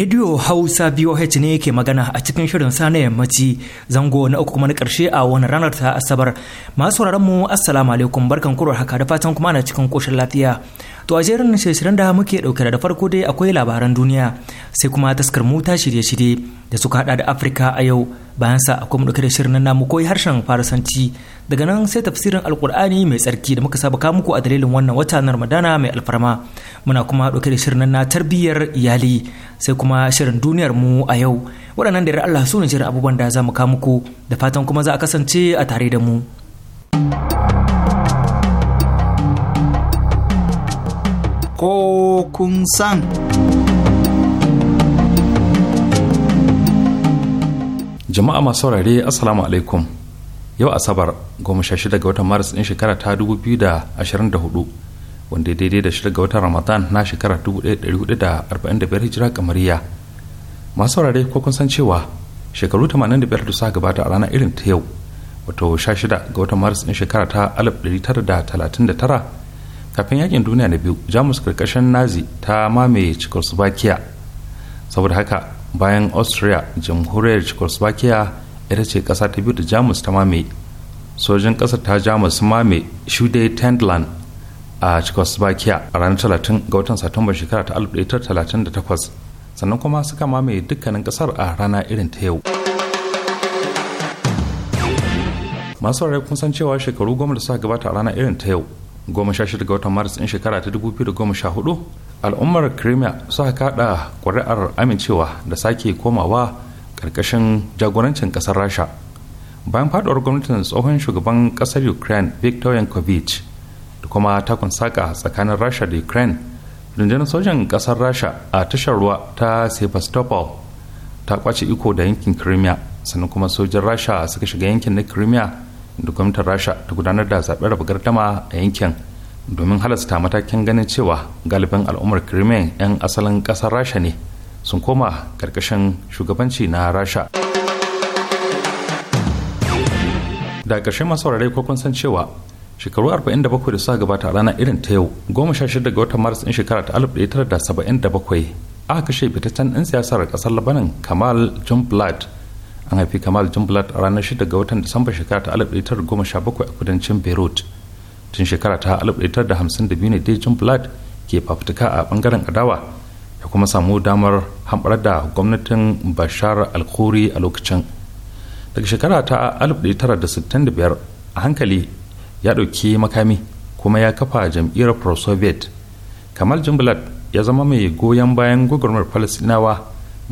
Radio Hausa BOH ne ke magana a cikin shirin sa na yammaci zango na uku kuma na karshe a wani ranar ta Asabar. Masu mu Assalamu alaikum barkan kurar haka da fatan kuma na cikin koshin lafiya. To a jerin shirin da muke ɗauke da farko dai akwai labaran duniya sai kuma taskar mota shirye-shirye da suka hada da Afirka a yau bayan sa akwai mu da shirin nan namu koyi harshen Farisanci daga nan sai tafsirin Alkur'ani mai tsarki da muka saba ka muku a dalilin wannan wata na Ramadana mai alfarma muna kuma ɗauke da shirin na tarbiyyar iyali sai kuma shirin duniyar mu a yau waɗannan da Allah su ne shirin abubuwan da za mu ka muku da fatan kuma za a kasance a tare da mu. ko kun san. Jama'a masu saurare Assalamu alaikum. Yau Asabar goma sha shida ga watan Maris ɗin shekara ta dubu biyu da ashirin da hudu wanda daidai da shida ga watan Ramadan na shekara dubu ɗaya ɗari hudu da arba'in da biyar hijira kamariya. Masu saurare ko kun san cewa shekaru tamanin da biyar da suka gabata a ranar irin ta yau wato sha shida ga watan Maris ɗin shekara ta alif ɗari tara da talatin da tara kafin yakin duniya na biyu jamus karkashin nazi ta mamaye czechoslovakia saboda haka bayan austria jamhuriyar czechoslovakia ita ce kasa ta biyu da jamus ta mamaye sojin kasar ta jamus mame shude tendland a czechoslovakia a ranar 30 ga watan satumba shekara ta 1938 sannan kuma suka mamaye dukkanin kasar a rana irin ta yau masu kun san cewa shekaru goma da suka gabata a rana irin ta yau 16 ga watan maris din shekara ta hudu al'ummar crimea suka kada ƙuri'ar amincewa da sake komawa karkashin jagorancin ƙasar rasha bayan faduwar gwamnatin tsohon shugaban ƙasar ukraine viktor yankovic da kuma takun saka tsakanin rasha da ukraine rundunar sojan ƙasar rasha a tashar ruwa ta sevastopol ta kwace iko da yankin crimea sannan kuma sojin rasha suka shiga yankin na crimea da gwamnatin rasha ta gudanar da zaɓen raba gardama a yankin domin halasta matakin ganin cewa galibin al'ummar crimean 'yan asalin ƙasar rasha ne sun koma ƙarƙashin shugabanci na rasha da ƙarshen masu saurare ko kun san cewa shekaru 47 da suka gabata a ranar irin ta yau 16 ga watan maris din shekara ta 1977 aka kashe fitaccen ɗan siyasar ƙasar labanan kamal john blatt an haifi kamal jumblat a ranar 6 ga watan disamba shekara ta 1917 a kudancin beirut tun shekara ta 1952 ne dai jumblat ke fafutuka a bangaren adawa ya kuma samu damar hamɓar da gwamnatin bashar alkhuri a lokacin daga shekara ta 1965 a hankali ya ɗauki makami kuma ya kafa jam'iyyar pro-soviet kamal jumblat ya zama mai goyon bayan gwagwarmar falasinawa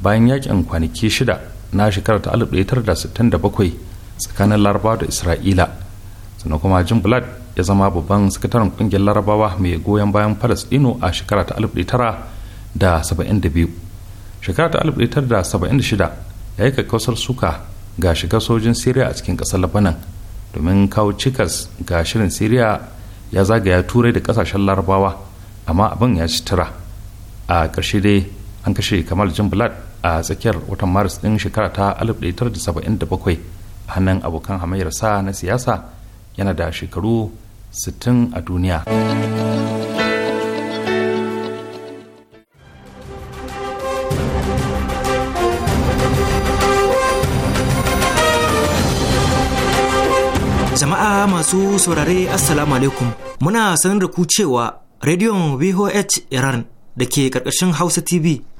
bayan yakin kwanaki shida na shekarar ta 1967 tsakanin larabawa da isra'ila sannan kuma jim blad ya zama babban sakataren kungiyar larabawa mai goyon bayan palestino a shekara ta 1972 shekara ta 1976 ya yi kakkausar suka ga shiga sojin syria a cikin kasar labanan domin kawo cikas ga shirin syria ya zagaya turai da kasashen larabawa amma abin ya ci tura a ƙarshe dai an kashe kamal jambulat a tsakiyar watan maris din shekara ta 1977 a hannun abokan hamayyarsa na siyasa yana da shekaru 60 a duniya jama'a masu saurare assalamu alaikum muna sanar da ku cewa rediyon vhh iran da ke karkashin hausa tv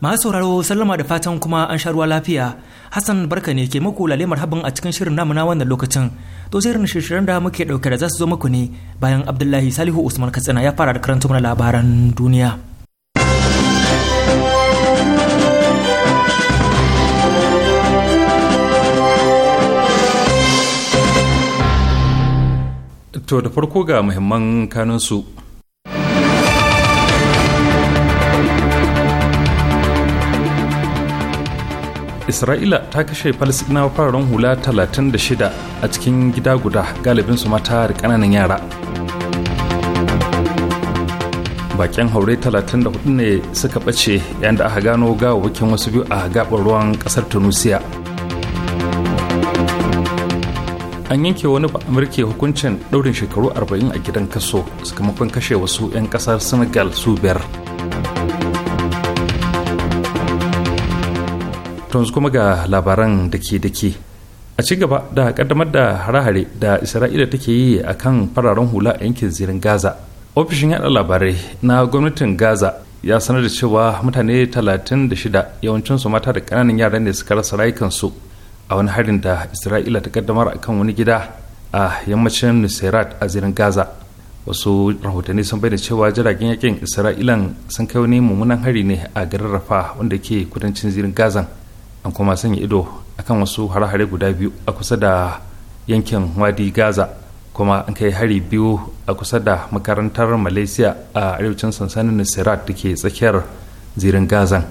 masu sauraro sallama da fatan kuma an sha ruwa lafiya hassan barka ne ke muku lalemar habin a cikin shirin namu na wannan lokacin to shirin shirin da muke dauke da za su zo muku ne bayan abdullahi salihu usman katsina ya fara da karanta mana labaran duniya to da farko ga muhimman kanunsu isra'ila ta kashe falasɗinawa fararen hula 36 a cikin gida guda galibin su mata da kananan yara bakin haure 34 ne suka ɓace yadda da aka gano gawawakin wasu biyu a gaɓar ruwan ƙasar tunisia an yanke wani ba amurke hukuncin ɗaurin shekaru 40 a gidan kaso sakamakon kashe wasu 'yan ƙasar senegal su biyar yanzu kuma ga labaran da ke da ke a ci gaba da kaddamar da hare da isra'ila take yi a kan fararen hula a yankin zirin gaza ofishin yada labarai na gwamnatin gaza ya sanar da cewa mutane 36 yawancinsu mata da kananan yara ne suka rasa rayukansu a wani harin da isra'ila ta kaddamar a kan wani gida a yammacin nusirat a zirin gaza wasu rahotanni sun bayyana cewa jiragen yakin isra'ilan sun kai wani mummunan hari ne a garin rafa wanda ke kudancin zirin gazan an kuma sanya ido akan wasu hare-hare guda biyu a kusa da yankin wadi gaza kuma an kai hari biyu a kusa da makarantar malaysia a arewacin sansanin nasirat da ke tsakiyar zirin gazan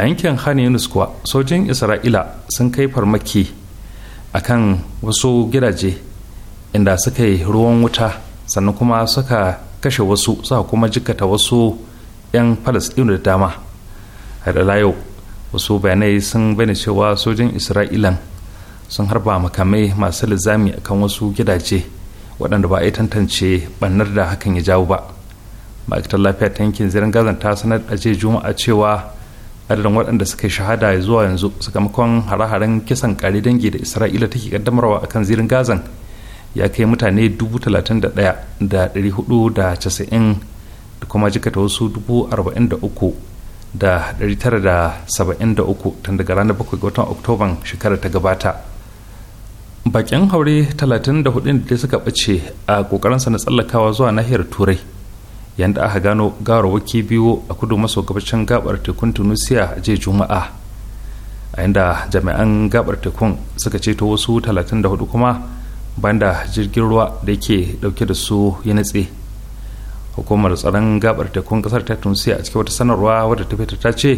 a yankin khan yunus kuwa sojin isra'ila sun kai farmaki a kan wasu gidaje inda suka yi ruwan wuta sannan kuma suka kashe wasu suka kuma jikata wasu 'yan falasɗinu da dama har yau wasu bayanai sun bayyana cewa sojin isra'ilan sun harba makamai masu lizami akan wasu gidaje waɗanda ba a yi tantance bannar da hakan ya jawo ba ma'aikatar lafiya ta yankin zirin gazan ta sanar a jiya juma'a cewa adadin waɗanda suka shahada zuwa yanzu sakamakon hare-haren kisan kare dangi da isra'ila take kaddamarwa kan zirin gazan ya kai mutane 31,490 da kuma jikata wasu 43 da 973 tun daga ranar 7 ga watan oktoban shekarar ta gabata bakin haure 34 da suka bace a kokarinsa na tsallakawa zuwa nahiyar turai yadda aka gano waki biyu a kudu maso gabashin gabar tekun tunisia a jiya juma'a a yadda jami'an gabar tekun suka ceto wasu 34 kuma banda jirgin ruwa da ke dauke da su ya natse hukumar tsaron gabar tekun kasar ta tunisia a cikin wata sanarwa wadda ta fita ta ce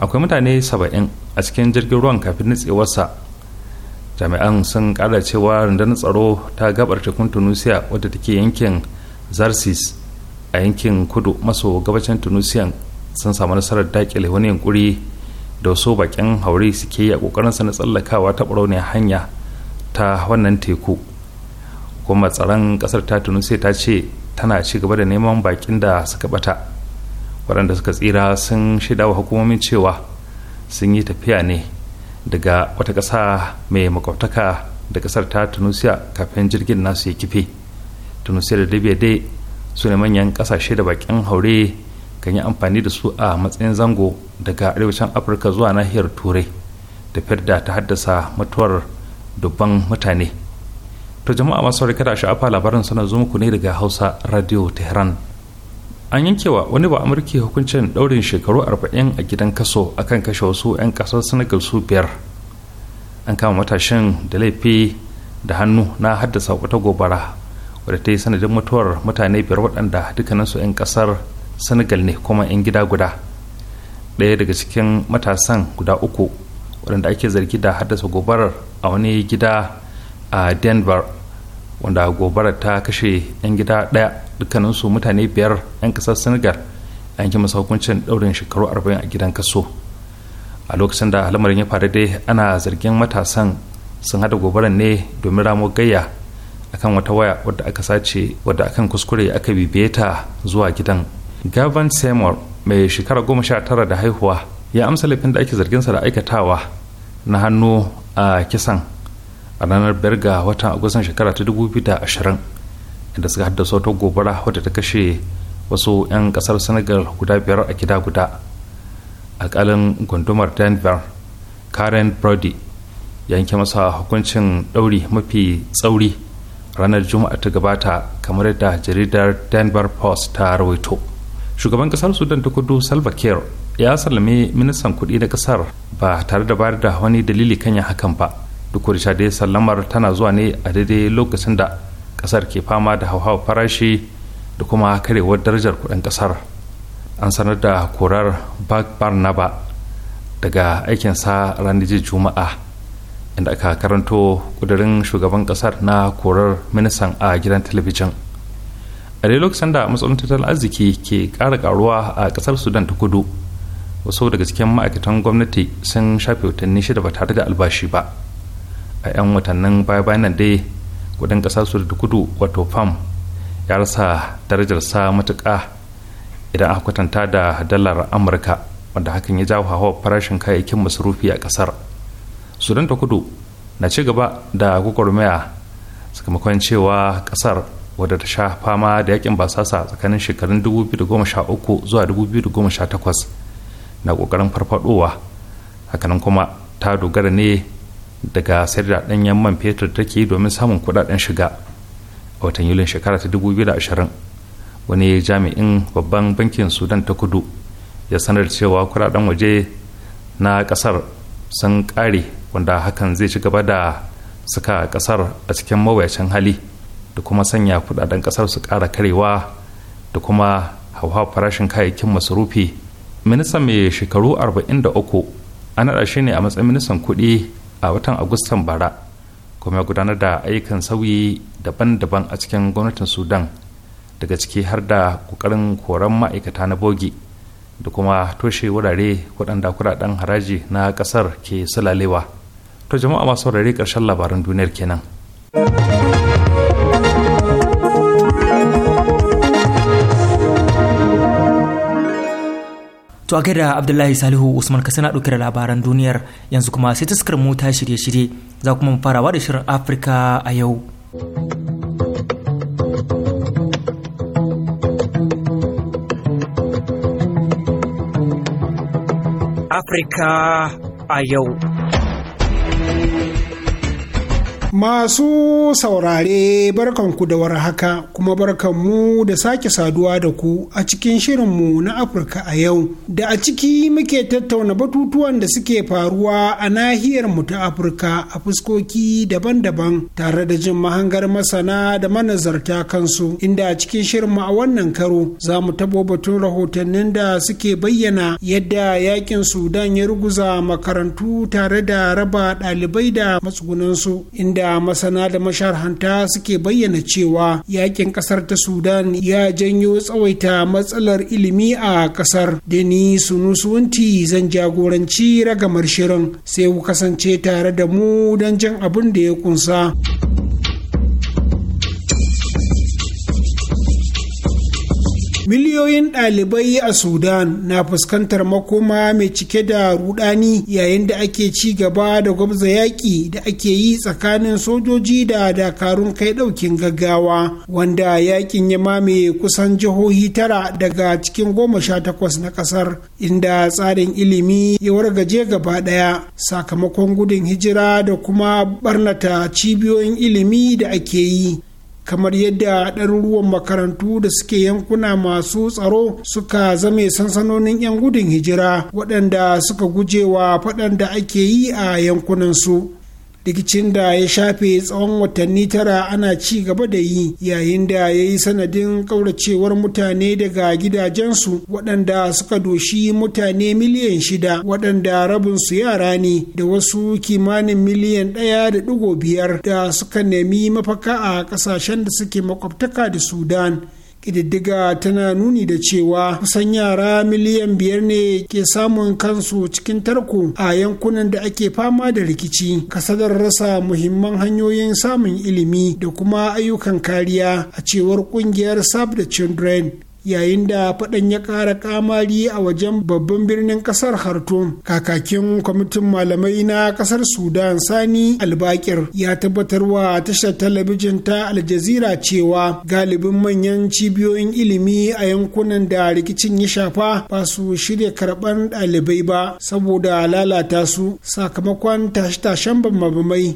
akwai mutane saba'in a cikin jirgin ruwan kafin nutsewarsa jami'an sun kada cewa rundunar tsaro ta gabar tekun tunisia wadda take yankin zarsis a yankin kudu maso gabacin tunisiya sun samu nasarar dakile wani yankuri da wasu bakin haure suke yi a kokarin na tsallakawa ta barauniyar hanya ta wannan teku kuma tsaron kasar ta tunisia ta ce tana ci gaba da neman bakin da suka bata waɗanda suka tsira sun shaida wa hukumomin cewa sun yi tafiya ne daga wata ƙasa mai makwabtaka da ƙasar ta tunisia kafin jirgin nasu ya kife tunisia da libya dai su ne manyan ƙasashe da bakin haure kan yi amfani da su a matsayin zango daga arewacin afirka zuwa nahiyar turai da da ta haddasa mutuwar dubban mutane to jama'a masu kada sha'afa labarin sana zo muku ne daga hausa radio tehran an yankewa wani ba amurki hukuncin ɗaurin shekaru 40 a gidan kaso akan kashe wasu 'yan kasar senegal su biyar an kama matashin da laifi da hannu na haddasa wata gobara wadda ta yi sanadin mutuwar mutane biyar waɗanda dukkaninsu 'yan kasar senegal ne kuma 'yan gida guda ɗaya daga cikin matasan guda uku waɗanda ake zargi da haddasa gobarar a wani gida a denver wanda gobarar ta kashe 'yan gida ɗaya dukkaninsu mutane biyar 'yan kasar senegal yanki masa hukuncin daurin shekaru 40 a gidan kaso a lokacin da lamarin ya faru dai ana zargin matasan sun hada gobarar ne domin ramo gayya akan wata waya wadda aka sace wadda akan kuskure aka bibiye ta zuwa gidan gavan seymour mai shekara goma sha tara da haihuwa ya amsa laifin da ake zargin sa da aikatawa na hannu a kisan a ranar biyar ga watan agustan shekara ta dubu da ashirin inda suka haddasa wata gobara wadda ta kashe wasu 'yan kasar senegal guda biyar a gida guda alkalin gundumar denver karen brody yanke masa hukuncin ɗauri mafi tsauri ranar juma'a ta gabata kamar yadda jaridar denver post ta rawaito shugaban kasar sudan ta kudu salva kiir ya sallame ministan kuɗi na kasar ba tare da bayar da wani dalili kan yin hakan ba duk wani dai sallamar tana zuwa ne a daidai lokacin da ƙasar ke fama da hauhawar farashi da kuma karewar darajar kudin ƙasar an sanar da korar bak barnaba daga aikinsa ranar juma'a inda aka karanto kudirin shugaban ƙasar na korar ministan a gidan talabijin a dai lokacin da matsalolin tattalin arziki ke ƙara karuwa a ƙasar sudan ta kudu wasu daga cikin ma'aikatan gwamnati sun shafe watanni shida ba tare da albashi ba a 'yan watannin baya-bayan dai kudin ƙasar su da kudu wato fam ya rasa darajarsa matuƙa idan aka kwatanta da dalar amurka wanda hakan ya jawo hawa farashin kayayyakin masarufi a ƙasar sudan ta kudu na ci gaba da gwagwarmaya sakamakon cewa ƙasar wadda ta sha fama da yakin basasa tsakanin shekarun 2013 zuwa 2018 na ƙoƙarin farfadowa hakanan kuma ta dogara ne daga sayar da ɗanyen man fetur take domin samun kudaden shiga a watan yulin shekara ta 2020 wani jami'in babban bankin sudan ta kudu ya sanar cewa kudaden waje na kasar sun kare wanda hakan zai ci gaba da suka kasar a cikin mawuyacin hali da kuma sanya kudaden kasar su kara karewa da kuma hawa farashin kayayyakin masarufi ministan mai shekaru 43 an naɗa shi ne a matsayin ministan kuɗi a watan agustan bara kuma ya gudanar da ayyukan sauyi daban-daban a cikin gwamnatin sudan daga ciki har da kokarin koran ma'aikata na bogi da kuma toshe wurare waɗanda kudaden haraji na ƙasar ke sulalewa to jama'a masu wurare ƙarshen labaran duniyar kenan. To a da Abdullahi Salihu Usman kasana ɗauke da labaran duniyar yanzu kuma sai taskar mu ta shirye-shirye za kuma farawa da shirin Afirka a yau. Afirka a yau. Masu saurare barkanku da war haka kuma barkanmu da sake saduwa da ku a cikin shirinmu na Afirka a yau da a ciki muke tattauna batutuwan da suke faruwa a nahiyar mu ta Afirka a fuskoki daban-daban tare da jin mahangar masana da manazarta kansu inda a cikin shirinmu a wannan karo za mu tabo batun rahotannin da suke bayyana yadda yakin Sudan ya ruguza makarantu tare da raba ɗalibai da matsugunansu inda da masana da masharhanta suke bayyana cewa yakin kasar ta sudan ya janyo tsawaita matsalar ilimi a kasar da ni sunusuwanti zan jagoranci ragamar shirin sai ku kasance tare da mu don jan abin da ya kunsa. miliyoyin ɗalibai a sudan na fuskantar makoma mai cike da rudani yayin da ake ci gaba da gwabza yaƙi da ake yi tsakanin sojoji da dakarun kai ɗaukin gaggawa wanda yaƙin ya mame kusan jihohi tara daga cikin goma sha takwas na ƙasar inda tsarin ilimi ya wargaje gaba ɗaya sakamakon gudun hijira da kuma barnata cibiyoyin ilimi da ake yi kamar yadda ɗaruruwan makarantu da suke yankuna masu tsaro suka zame sansanonin 'yan gudun hijira waɗanda suka gujewa faɗan da ake yi a yankunansu. rikicin da ya shafe tsawon watanni tara ana ci gaba da yi yayin da ya yi sanadin kauracewar mutane daga gidajensu waɗanda suka doshi mutane miliyan shida waɗanda rabinsu yara ne da wasu kimanin miliyan ɗaya da ɗigo biyar da suka nemi mafaka a ƙasashen da suke makwabtaka da sudan ƙididdiga tana nuni da cewa kusan yara miliyan biyar ne ke samun kansu cikin tarko a yankunan da ake fama da rikici kasadar rasa muhimman hanyoyin samun ilimi da kuma ayyukan kariya a cewar ƙungiyar save the children yayin da faɗan ya ƙara ƙamari a wajen babban birnin ƙasar Khartoum. Kakakin kwamitin malamai na ƙasar Sudan Sani Albakir ya tabbatar wa tashar talabijin ta Al Jazeera cewa galibin manyan cibiyoyin ilimi a yankunan da rikicin ya shafa ba su shirya karɓar ɗalibai ba saboda lalata su sakamakon tashe-tashen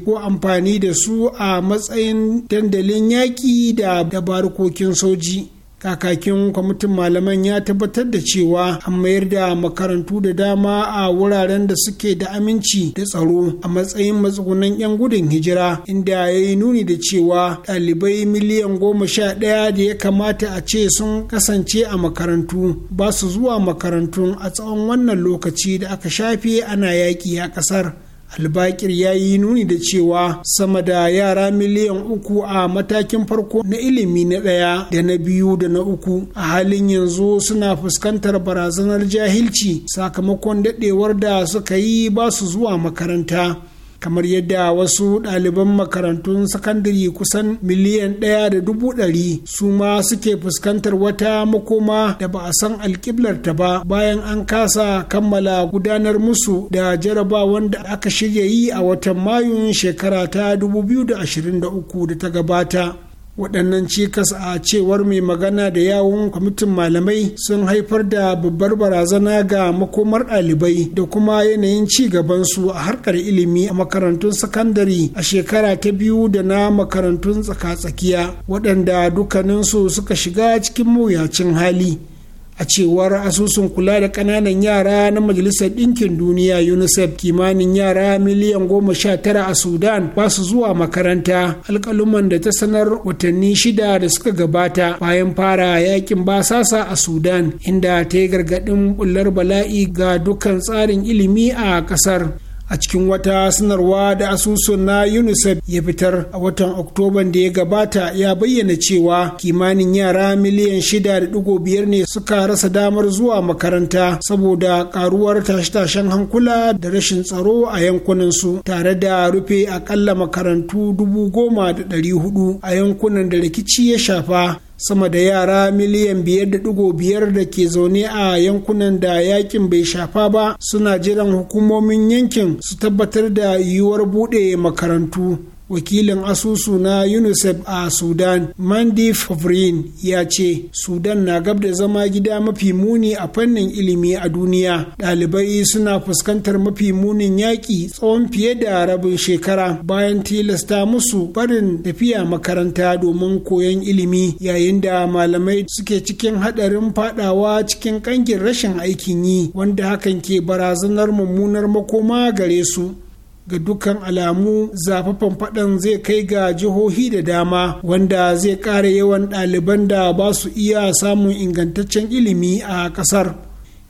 ko amfani da su a matsayin dandalin yaƙi da dabarukokin soji. kakakin kwamitin malaman ya tabbatar da cewa an mayar da makarantu da dama a wuraren da suke da aminci da tsaro a matsayin matsugunan 'yan gudun hijira inda ya yi nuni da cewa ɗalibai miliyan goma sha ɗaya da ya kamata a ce sun kasance a makarantu ba su zuwa makarantun a tsawon wannan lokaci da aka shafe ana yaƙi a ƙasar albakir ya yi nuni da cewa sama da yara miliyan uku a matakin farko na ilimi na ɗaya da na biyu da na uku a halin yanzu suna fuskantar barazanar jahilci sakamakon daɗewar da suka yi ba su zuwa makaranta kamar yadda wasu ɗaliban makarantun sakandare kusan miliyan ɗaya da dubu ɗari su ma suke fuskantar wata makoma da ba a san alƙiblarta ba bayan an kasa kammala gudanar musu da jarabawar da aka shirya yi a watan mayun shekara ta 2023 da ta gabata. waɗannan cikas a cewar mai magana da yawon kwamitin malamai sun haifar da babbar barazana ga makomar ɗalibai da kuma yanayin ci gabansu a harkar ilimi a makarantun sakandare a shekara ta biyu da na makarantun tsaka-tsakiya waɗanda dukkaninsu suka shiga cikin mawuyacin hali a cewar asusun kula da kananan yara na majalisar ɗinkin duniya unicef kimanin yara miliyan goma sha tara a sudan ba su zuwa makaranta alƙaluman da ta sanar watanni shida da suka gabata bayan fara yakin basasa a sudan inda ta yi gargaɗin bullar bala'i ga dukkan tsarin ilimi a ƙasar a cikin wata sanarwa da asusun na unicef ya fitar a watan oktoban da ya gabata ya bayyana cewa kimanin yara miliyan shida da digo biyar ne suka rasa damar zuwa makaranta saboda karuwar tashe-tashen hankula da rashin tsaro a yankunan su tare da rufe akalla makarantu dubu goma da ɗari hudu a yankunan da rikici ya shafa sama da yara miliyan 5.5 da ke zaune a yankunan da yakin bai shafa ba suna jiran hukumomin yankin su tabbatar da yiwuwar buɗe makarantu wakilin asusu na unicef a sudan mandi favrin ya ce sudan na gab da zama gida mafi muni a fannin ilimi a duniya ɗalibai suna fuskantar mafi munin yaƙi tsawon fiye da rabin shekara bayan tilasta musu barin tafiya makaranta domin koyon ilimi yayin da malamai suke cikin haɗarin fadawa cikin ƙangin rashin aikin yi wanda hakan ke barazanar mummunar makoma gare su ga dukkan alamu zafafan faɗan zai kai ga jihohi da dama wanda zai ƙara yawan ɗaliban da ba su iya samun ingantaccen ilimi a ƙasar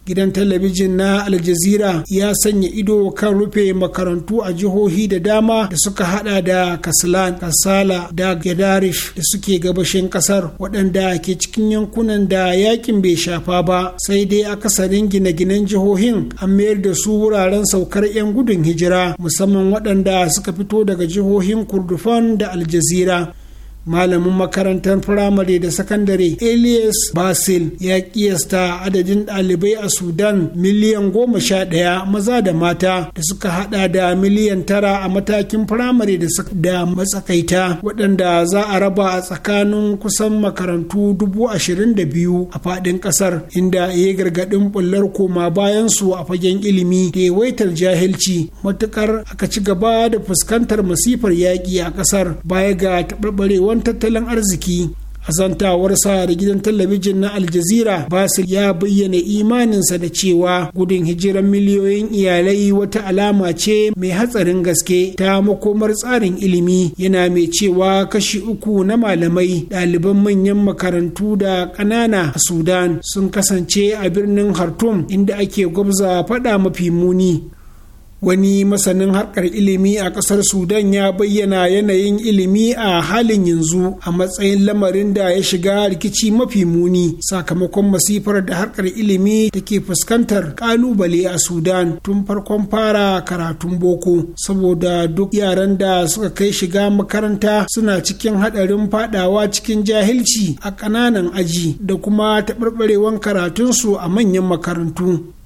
gidan talabijin na aljazira ya sanya ido kan rufe makarantu a jihohi da dama da suka hada da kaslan kasala da gadarif da suke gabashin kasar waɗanda ke cikin yankunan da yakin bai shafa ba sai dai akasarin gine-ginen jihohin an mayar da su wuraren saukar 'yan gudun hijira musamman waɗanda suka fito daga jihohin kurdufan da aljazira malamin makarantar firamare da sakandare elias basil ya kiyasta adadin ɗalibai a sudan miliyan goma sha ɗaya maza da mata da suka hada da miliyan tara a matakin firamare da matsakaita waɗanda za a raba a tsakanin kusan makarantu dubu ashirin da biyu a faɗin ƙasar inda ya gargaɗin bullar koma bayan su a fagen ilimi da yawaitar jahilci matukar aka ci gaba da fuskantar masifar yaƙi a ƙasar baya ga taɓarɓarewar shugaban tattalin arziki a zantawarsa da gidan talabijin na aljazira basir ya bayyana imaninsa da cewa gudun hijiran miliyoyin iyalai wata alama ce mai hatsarin gaske ta makomar tsarin ilimi yana mai cewa kashi uku na malamai ɗaliban manyan makarantu da ƙanana a sudan sun kasance a birnin khartoum inda ake gwabza faɗa mafi muni wani masanin harkar ilimi a kasar sudan ya bayyana yanayin ilimi a halin yanzu a matsayin lamarin da ya shiga rikici mafi muni sakamakon masifar da harkar ilimi take fuskantar kalubale a sudan tun farkon fara karatun boko saboda duk yaran da suka kai shiga makaranta suna cikin hadarin fadawa cikin jahilci a kananan aji da kuma taɓarɓarewan karatunsu a manyan makarantu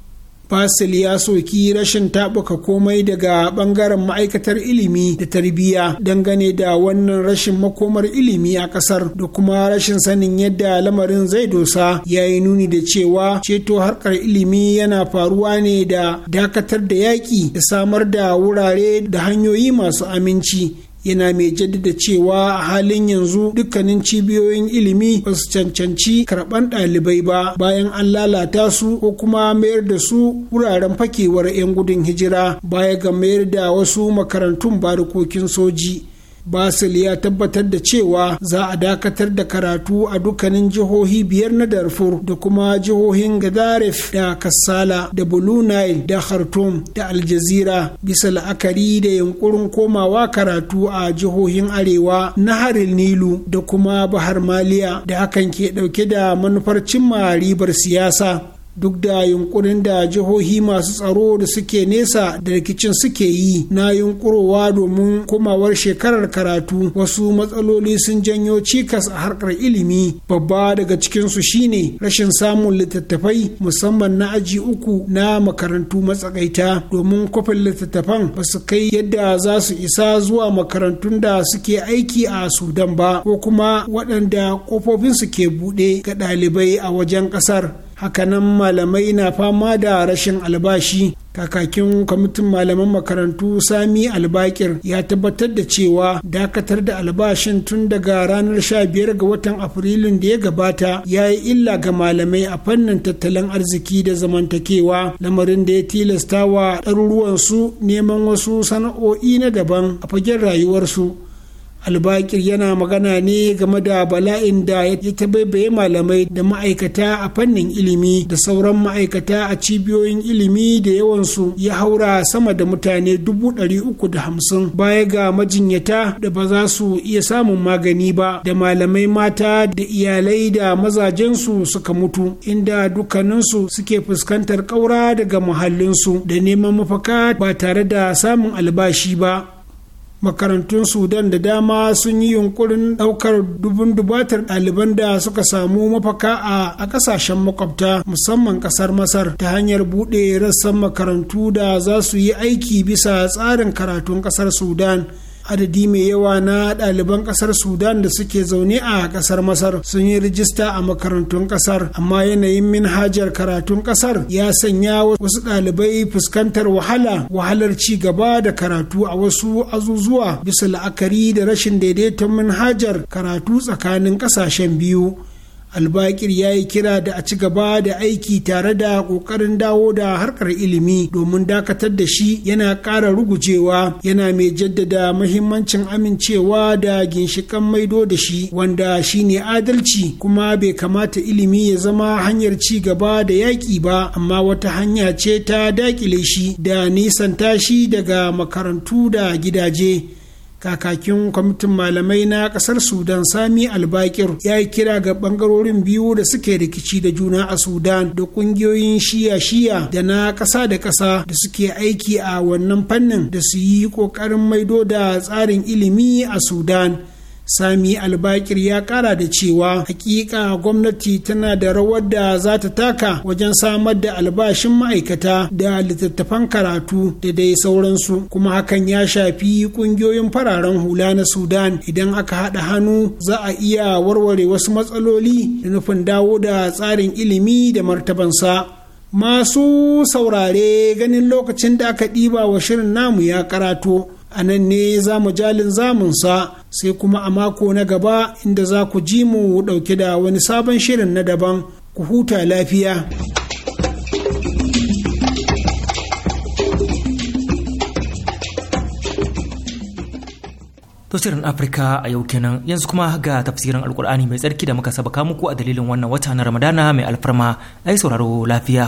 Fasil ya soki rashin taɓuka komai daga ɓangaren ma'aikatar ilimi da tarbiyya dangane da wannan rashin makomar ilimi a ƙasar da kuma rashin sanin yadda lamarin zai dosa ya yi nuni da cewa ceto harkar ilimi yana faruwa ne da dakatar da yaƙi da samar da wurare da hanyoyi masu aminci yana mai jaddada cewa a halin yanzu dukkanin cibiyoyin ilimi ba su cancanci karɓan ɗalibai ba bayan an lalata su ko kuma mayar da su wuraren fakewar 'yan gudun hijira baya ga mayar da wasu makarantun barikokin soji Basil ya tabbatar da cewa za a dakatar da karatu a dukkanin jihohi biyar na Darfur da kuma jihohin Gadaref da Kassala da Blue Nile da Khartoum da Aljazira bisa la'akari da yunkurin komawa karatu a jihohin Arewa na Harin Nilu da kuma Bahar Maliya da hakan ke dauke da manufar cimma ribar siyasa. duk da yunkurin da jihohi masu tsaro da suke nesa da rikicin suke yi na yunkurowa domin komawar shekarar karatu wasu matsaloli sun janyo cikas a harkar ilimi babba daga cikinsu shine rashin samun littattafai musamman na aji uku na makarantu matsakaita domin kwafin littattafan ba su kai yadda za su isa zuwa makarantun da suke aiki a sudan ba ko kuma waɗanda ƙofofinsu ke buɗe ga ɗalibai a wajen ƙasar hakanan malamai na fama da rashin albashi kakakin kwamitin malaman makarantu sami albakir ya tabbatar da cewa dakatar da albashin tun daga ranar 15 ga watan afrilun da ya gabata ya yi illa ga malamai a fannin tattalin arziki da zamantakewa lamarin da ya tilasta wa ɗaruruwansu neman wasu sana'o'i na daban a fagen rayuwarsu albakir yana magana ne game da bala'in da ya tabaibaye malamai da ma'aikata a fannin ilimi da sauran ma'aikata a cibiyoyin ilimi da yawansu ya haura sama da mutane dubu ɗari uku da hamsin baya ga majinyata da ba za su iya samun magani ba da malamai mata da iyalai da mazajensu suka mutu inda dukkaninsu suke fuskantar ƙaura daga muhallinsu da neman mafaka ba tare da samun albashi ba makarantun sudan da dama sun yi yunkurin daukar dubun dubatar ɗaliban da suka samu mafaka a ƙasashen makwabta musamman ƙasar masar ta hanyar buɗe rassan makarantu da za su yi aiki bisa tsarin karatun ƙasar sudan adadi mai yawa na ɗaliban ƙasar sudan da suke zaune a ƙasar masar sun yi rijista a makarantun ƙasar amma yanayin minhajar karatun ƙasar ya sanya wasu ɗalibai fuskantar wahala wahalar ci gaba da karatu a wasu azuzuwa bisa la'akari da rashin daidaiton minhajar karatu tsakanin ƙasashen biyu albakir ya yi kira da a ci gaba da aiki tare da ƙoƙarin dawo da harkar ilimi domin dakatar da shi yana ƙara rugujewa yana mai jaddada mahimmancin amincewa da ginshikan maido da shi wanda shine adalci kuma bai kamata ilimi ya zama hanyar ci gaba da yaƙi ba amma wata hanya ce ta daƙile shi da nisan tashi daga makarantu da gidaje kakakin kwamitin malamai na kasar sudan sami albakir ya yi kira ga bangarorin biyu da suke rikici da juna a sudan da kungiyoyin shiya shiya da na kasa da kasa da suke aiki a wannan fannin da su yi kokarin maido da tsarin ilimi a sudan sami albakir ya kara da cewa hakika gwamnati tana da rawar da za ta taka wajen samar da albashin ma'aikata da littattafan karatu da dai sauransu kuma hakan ya shafi kungiyoyin fararen hula na sudan idan aka haɗa hannu za a iya warware wasu matsaloli da nufin dawo da tsarin ilimi da martabansa masu saurare ganin lokacin da aka ɗiba wa shirin namu ya karato a nan ne za mu jalin zamunsa sai kuma a mako na gaba inda za ku ji mu ɗauke da wani sabon shirin na daban ku huta lafiya. To shirin Afirka a yau kenan yanzu kuma ga tafsirin Alkur'ani mai tsarki da muka saba muku a dalilin wannan wata na Ramadana mai alfarma ai sauraro lafiya.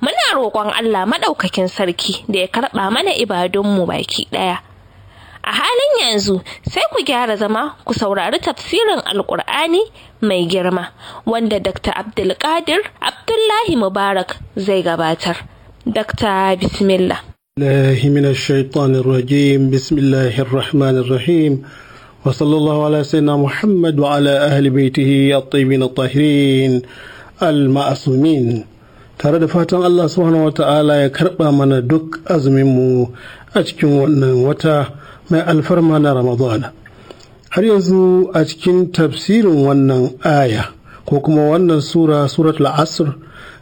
muna roƙon Allah maɗaukakin sarki da ya karɓa mana ibadunmu baki ɗaya. A halin yanzu sai ku gyara zama ku saurari tafsirin Alƙur'ani mai girma wanda Dr. Abdulkadir Abdullahi Mubarak zai gabatar. Dr. Bismillah. الله من الشيطان الرجيم بسم الله الرحمن الرحيم وصلى الله على سيدنا محمد وعلى أهل بيته الطيبين الطاهرين المعصومين tare da fatan Allah subhanahu wata'ala ya karɓa mana duk azuminmu a cikin wannan wata mai alfarma na Ramadana. Har yanzu a cikin tafsirin wannan aya ko kuma wannan sura surat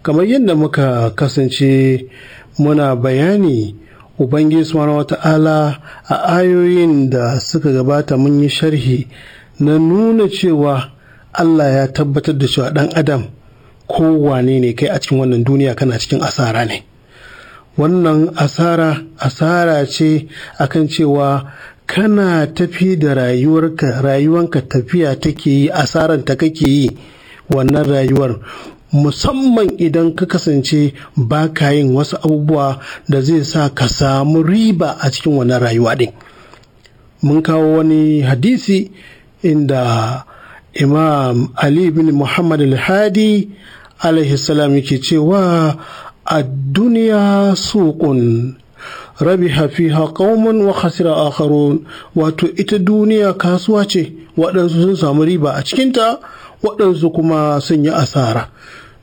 kamar yadda muka kasance muna bayani Ubangiji subhanahu wata'ala a ayoyin da suka gabata mun yi sharhi na nuna cewa Allah ya tabbatar da cewa ɗan adam kowane ne kai a cikin wannan duniya kana cikin asara ne wannan asara asara ce akan cewa kana tafi da rayuwarka rayuwanka tafiya take yi asaran ta kake yi wannan rayuwar musamman idan ka kasance baka yin wasu abubuwa da zai sa ka samu riba a cikin wannan rayuwa ɗin mun kawo wani hadisi inda imam ali bin muhammad al-hadi alaihi salam yake cewa a duniya suƙun rabiha fiha qauman wa khasira akharun wato ita duniya kasuwa ce waɗansu sun samu riba a cikinta waɗansu kuma sun yi asara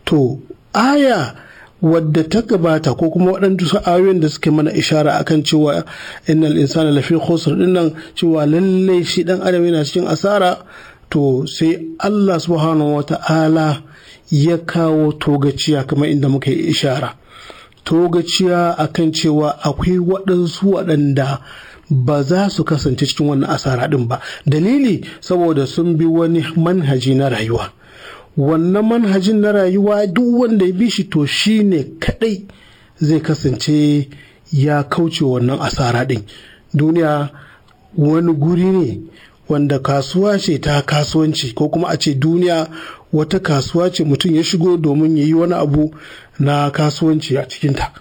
to aya wadda ta gabata ko kuma waɗansu ayoyin da suke mana ishara kan cewa innal insana lafi khusr dinnan cewa lallai shi dan adam yana cikin asara to sai Allah subhanahu wata'ala ya kawo togaciya kamar inda muka yi ishara togaciya a kan cewa akwai waɗansu waɗanda ba za su kasance cikin wannan asara ɗin ba dalili saboda sun bi wani manhaji na rayuwa wannan manhajin na rayuwa duk wanda ya bi shi to shi ne kaɗai zai kasance ya kauce wannan asara ɗin duniya wani guri ne wanda kasuwa ce ta kasuwanci ko kuma a ce duniya wata kasuwa ce mutum ya shigo domin ya yi wani abu na kasuwanci a cikinta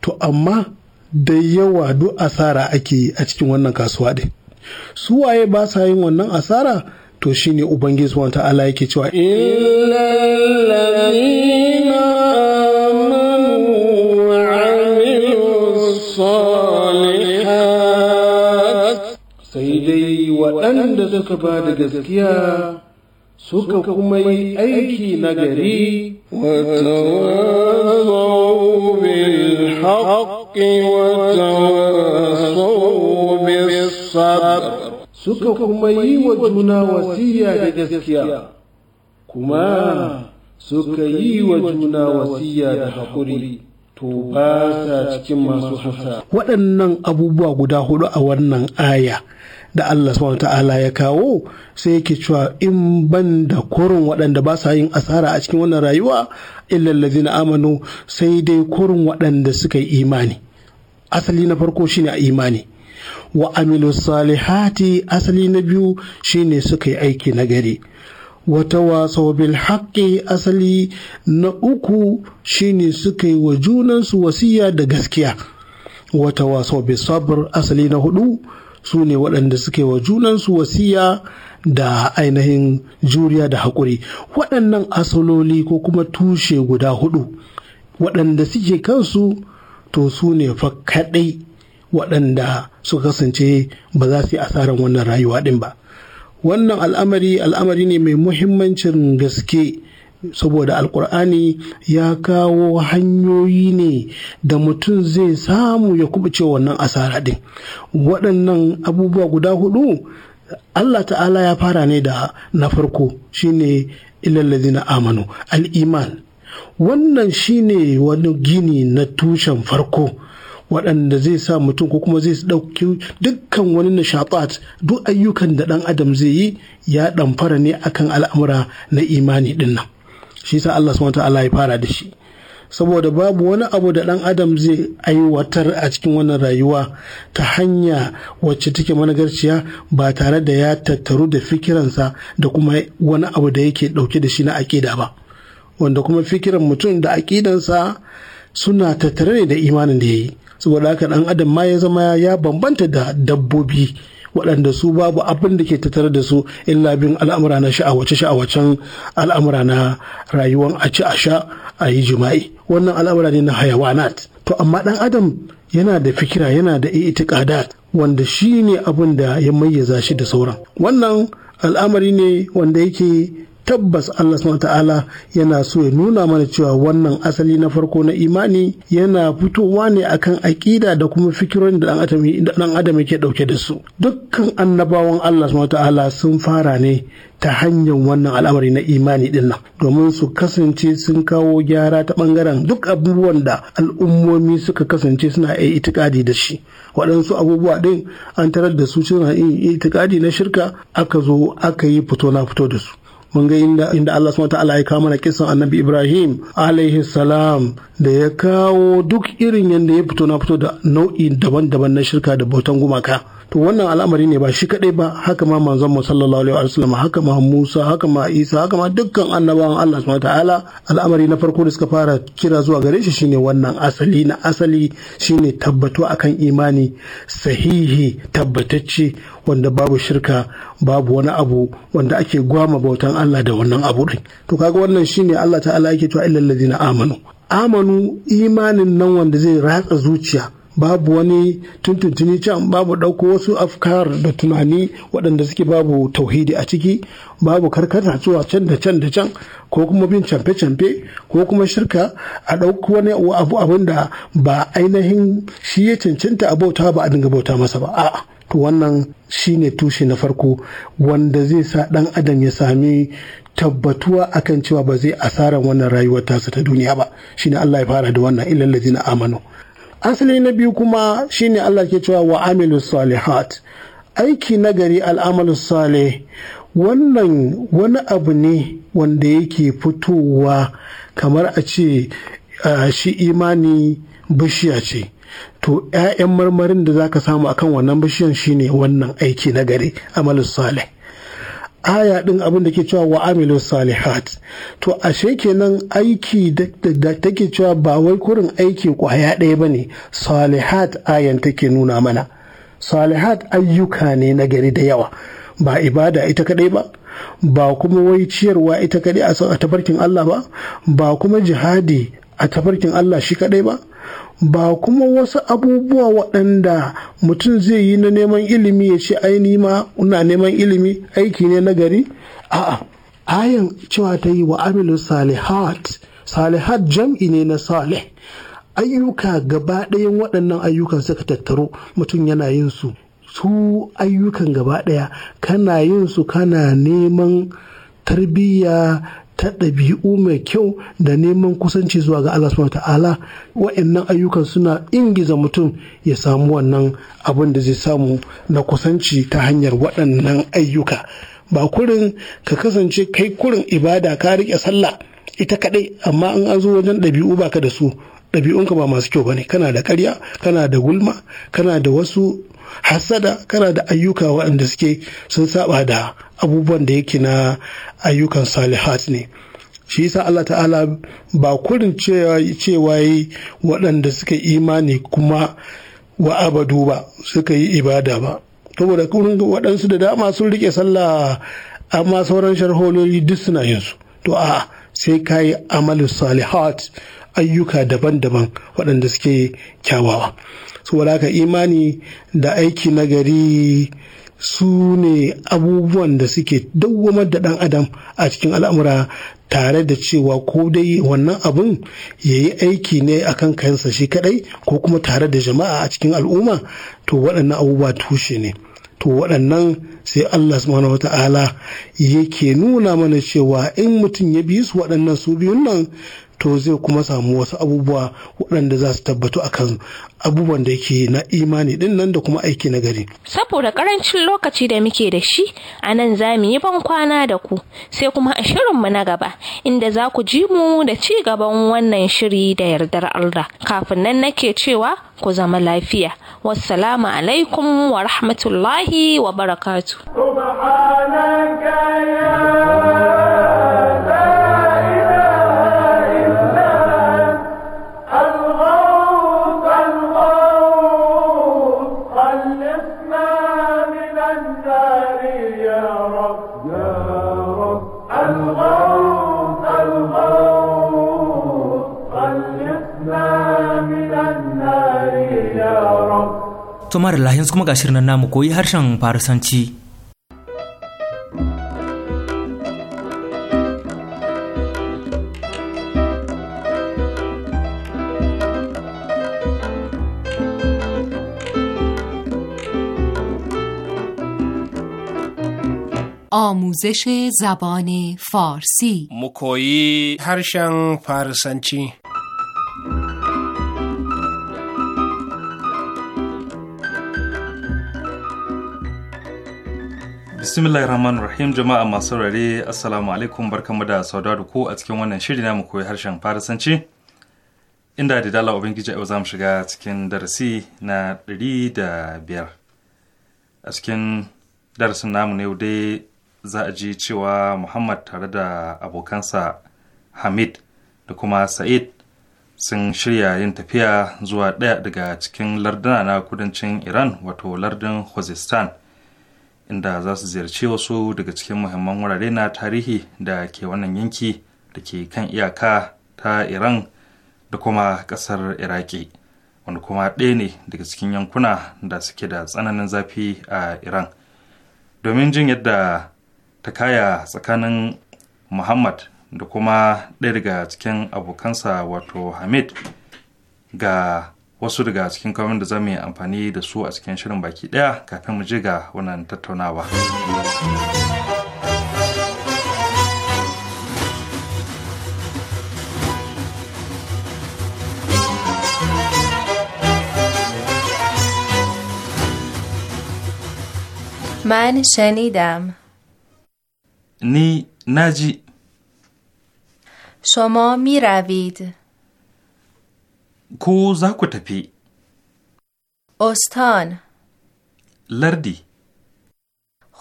to amma da yawa duk asara ake yi a cikin wannan kasuwa ɗin su waye ba sa yin wannan asara to shine ubangiji wa ta'ala yake cewa waɗanda suka ba da gaskiya suka kuma yi aiki na gari suka kuma yi wa juna wasiya da gaskiya kuma suka yi wa juna wasiya da haƙuri to ba sa cikin masu hasa. Waɗannan abubuwa guda hudu a wannan aya da Allah subhanahu ta'ala ya kawo sai yake cewa in ban da kurun waɗanda ba sa yin asara a cikin wannan rayuwa illa na amanu sai dai kurun waɗanda suka yi imani asali na farko shine a imani wa amilu salihati asali na biyu shine suka yi aiki na gari wata wasa bil haƙƙi asali na uku shine suka yi wa junansu wasiya da gaskiya wata wasa bil sabr asali na hudu su ne waɗanda suke wa junansu wasiya da ainihin juriya da haƙuri waɗannan asaloli ko kuma tushe guda hudu waɗanda suke kansu to su ne fa kaɗai waɗanda suka kasance ba za su yi asarar wannan rayuwa ɗin ba wannan al'amari al'amari ne mai muhimmancin gaske saboda alkur'ani ya kawo hanyoyi ne da mutum zai samu ya kubuce wannan asara din waɗannan abubuwa guda hudu Allah ta'ala ya fara ne da na farko shine na amanu al'iman wannan shine wani gini na tushen farko waɗanda zai sa mutum ko kuma zai ɗauki dukkan wani nishaɗat duk ayyukan da ɗan adam zai yi ya ɗamfara ne akan al'amura na imani ɗin shi sa Allah subhanahu ta'ala ya fara da shi saboda babu wani abu da dan adam zai aiwatar a cikin wannan rayuwa ta hanya wacce take managarciya ba tare da ya tattaru da fikiransa da kuma wani abu da yake dauke da shi na aƙida ba wanda kuma fikiran mutum da aƙidansa suna tattare ne da imanin da ya yi saboda haka dan adam ma ya zama ya bambanta da dabbobi waɗanda su babu abin da ke tattare da su illa bin al'amura na sha'awace sha'awacen al'amura na rayuwan a ci a sha a yi jima'i wannan al'amura ne na hayawanat to amma ɗan adam yana da fikira yana da itiqadat wanda shi ne abin da ya mayyaza shi da sauran wannan al'amari ne wanda yake tabbas Allah subhanahu yana so ya nuna mana cewa wannan asali na farko na imani yana fitowa ne akan aƙida da kuma fikirorin da dan adam yake ɗauke da su dukkan annabawan Allah subhanahu sun fara ne ta hanyar wannan al'amari na imani din nan domin su kasance sun kawo gyara ta bangaren duk abubuwan da al'ummomi suka kasance suna yi itikadi da shi waɗansu abubuwa din an tarar da su suna yin itikadi na shirka aka zo aka yi fito na fito da su mun ga inda inda Allah subhanahu ya kawo mana kisan Annabi Ibrahim alaihi salam da ya kawo duk irin yadda ya fito na fito da nau'i daban-daban na shirka da bautan gumaka to wannan al'amari ne ba shi kadai ba haka ma manzon mu sallallahu alaihi wasallam haka ma Musa haka ma Isa haka ma dukkan annabawan Allah subhanahu ta'ala al'amari na farko da suka fara kira zuwa gare shi shine wannan asali na asali shine tabbato akan imani sahihi tabbatacce wanda babu shirka babu wani abu wanda ake gwama bautan Allah da wannan abu din to kaga wannan shine Allah ta'ala yake cewa illal ladina amanu amanu imanin nan wanda zai ratsa zuciya babu wani tuntuntuni can babu ɗauko wasu afkar da tunani waɗanda suke babu tauhidi a ciki babu karkata zuwa can da can da can ko kuma bin canfe camfe ko kuma shirka a ɗauko wani abu abin da ba ainihin shi ya cancanta a bauta ba a dinga bauta masa ba a'a to wannan shine tushe na farko wanda zai sa ɗan adam ya sami tabbatuwa kan cewa ba zai asarar wannan rayuwar tasa ta duniya ba shine Allah ya fara da wannan illal na amanu asali na biyu kuma shine Allah ke cewa wa amilu salihat aiki nagari al'amalu salih wannan wani abu ne wanda yake fitowa kamar a ce shi imani bishiya ce to 'ya'yan marmarin da za ka samu akan wannan bishiyan shine wannan aiki nagari amalu salih aya ɗin abin da ke cewa wa amilu salihat to ashe kenan aiki da take cewa ba wai kurin aiki kwaya ɗaya bane salihat ayan take nuna mana salihat ayyuka ne na gari da yawa ba ibada ita kaɗai ba ba kuma wai ciyarwa ita kaɗai a tafarkin Allah ba ba kuma jihadi a tafarkin Allah shi kaɗai ba ba kuma wasu abubuwa waɗanda mutum zai yi na neman ilimi ya ce aini ma na neman ilimi aiki ne na gari a'a ayan cewa ta yi wa amilu salihat salihat jam'i ne na salih ayyuka gaba ɗayan waɗannan ayyukan suka tattaro mutum yana yin su su ayyukan gaba ɗaya kana yin su kana neman tarbiyya ta ɗabi'u mai kyau da neman kusanci zuwa ga Allah subhanahu ta'ala wa'annan ayyukan suna ingiza mutum ya samu wannan abin da zai samu na kusanci ta hanyar waɗannan ayyuka ba kurin ka kasance kai kurin ibada ka riƙe sallah ita kaɗai amma in an zo wajen ɗabi'u baka da su ɗabi'unka ba masu kyau bane kana da ƙarya kana da gulma kana da wasu hasada kana da ayyuka waɗanda suke sun saba da abubuwan da yake na ayyukan salihat ne shi yasa Allah ta'ala ba kurin cewa yi waɗanda suka imani kuma wa abadu ba suka yi ibada ba saboda kurin waɗansu da dama sun rike sallah amma sauran sharholoyi duk suna yin su to a sai ka yi amalin salihat ayyuka daban-daban waɗanda suke kyawawa saboda haka imani da aiki na gari su ne abubuwan da suke dawwamar da ɗan adam a cikin al'amura tare da cewa ko dai wannan abun ya yi aiki ne a kan kansa shi kaɗai, ko kuma tare da jama'a a cikin al'umma to waɗannan abubuwa tushe ne to waɗannan sai Allah subhanahu wata'ala yake nuna mana cewa in mutum ya bi su waɗannan su biyun nan to zai kuma samu wasu abubuwa waɗanda za su tabbatu kan abubuwan da yake na imani din nan da kuma aiki na gari. Saboda ƙarancin lokaci da muke da shi a nan za mu yi ban kwana da ku sai kuma a shirinmu na gaba inda za ku ji mu da ci gaban wannan shiri da yardar Allah. Kafin nan nake cewa ku zama lafiya. Wassalamu alaikum wa rahmatullahi wa barakatu. To mara lahins kuma ga shirin namu koyi harshen Farisanci. آموزش زبان فارسی مکویی هرشن فارسنچی bismillahir rahim jama'a masu rare assalamu alaikum barkamu da sauda da ku a cikin wannan shiri na mu koyi harshen farisanci inda da dala ubangiji yau za mu shiga cikin darasi na ɗari da biyar a cikin darasin namu ne dai za a ji cewa muhammad tare da abokansa hamid da kuma sa'id sun shirya yin tafiya zuwa ɗaya daga cikin larduna na kudancin iran wato lardin khuzestan inda za su ziyarci wasu daga cikin muhimman wurare na tarihi da ke wannan yanki da ke kan iyaka ta iran da kuma ƙasar iraki wanda kuma ɗaya ne daga cikin yankuna da suke da tsananin zafi a iran domin jin yadda ta kaya tsakanin muhammad da kuma ɗaya daga cikin abokansa wato hamid ga wasu daga cikin kawai da za mu yi amfani da su a cikin shirin baki ɗaya kafin mu je ga wannan tattaunawa. من شنیدم Ni naji. Shomo می ravid. کو تپی استان لردی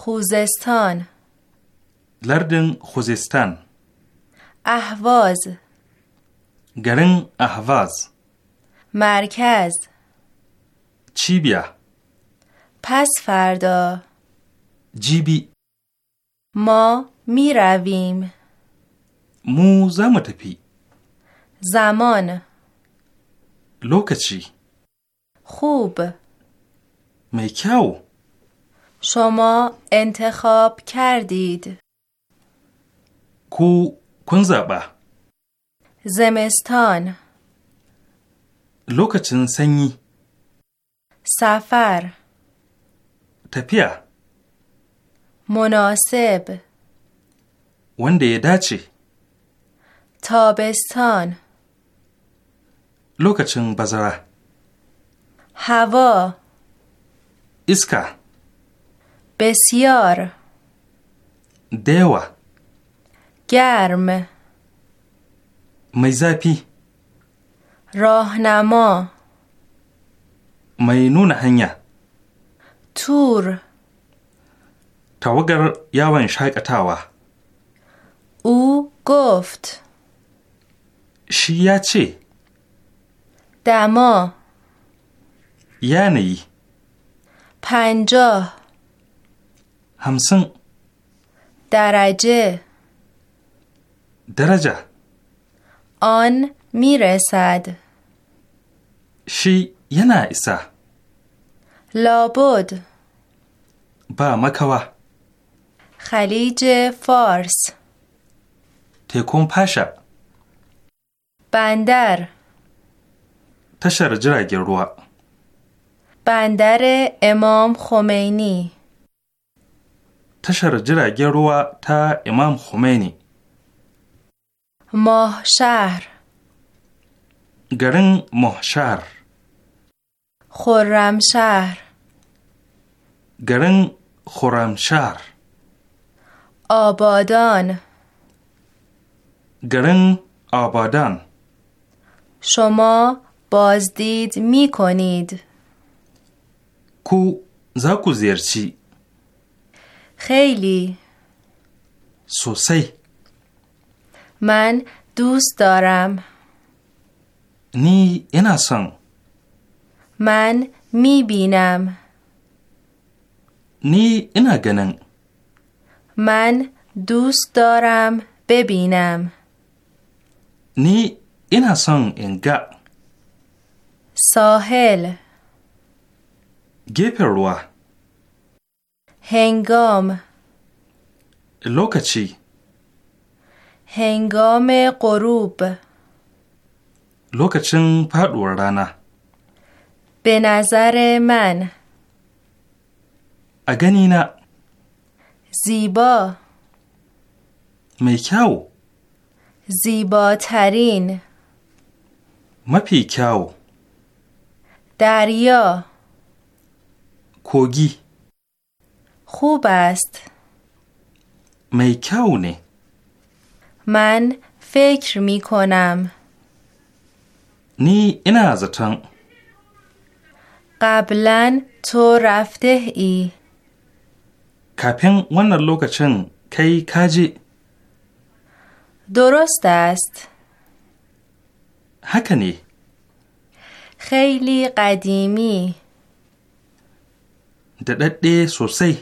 خوزستان لردن خوزستان اهواز گرنگ اهواز مرکز چی پس فردا جیبی ما می رویم مو تفی زمان لوکچی خوب میکاو شما انتخاب کردید کو کنزابا زمستان لوکچن سنی سفر تپیا مناسب ونده داچی تابستان lokacin bazara. Hava Iska Besiyar Dewa Germ Mai zafi Rahnama Mai nuna hanya Tur Tawagar yawon shaƙatawa U Goft Shi ya ce دما یعنی پنجاه همسن درجه درجه آن میرسد شی یه ایسه لابد با مکوه خلیج فارس تکون پاشا بندر تشر جiragen روه بندر امام خمینی تشر جiragen روه تا امام خمینی ماه شهر گرن ماه شهر خورم شهر گرن خورم شهر آبادان گرن آبادان شما بازدید می کنید کو زاکو زیرچی خیلی سوسی من دوست دارم نی ایناسان من می بینم نی اینا گنن من دوست دارم ببینم نی اینا سان انگا ساحل گپروا هنگام لوکچی هنگام غروب لوکچن پادور به نظر من اگنینا زیبا میکاو زیباترین مپیکاو دریا کوگی خوب است میکونه من فکر می کنم نی اینا زتن قبلا تو رفته ای کپین ون لوکچن کی کاجی درست است هکنی خیلی قدیمی ددده سوسی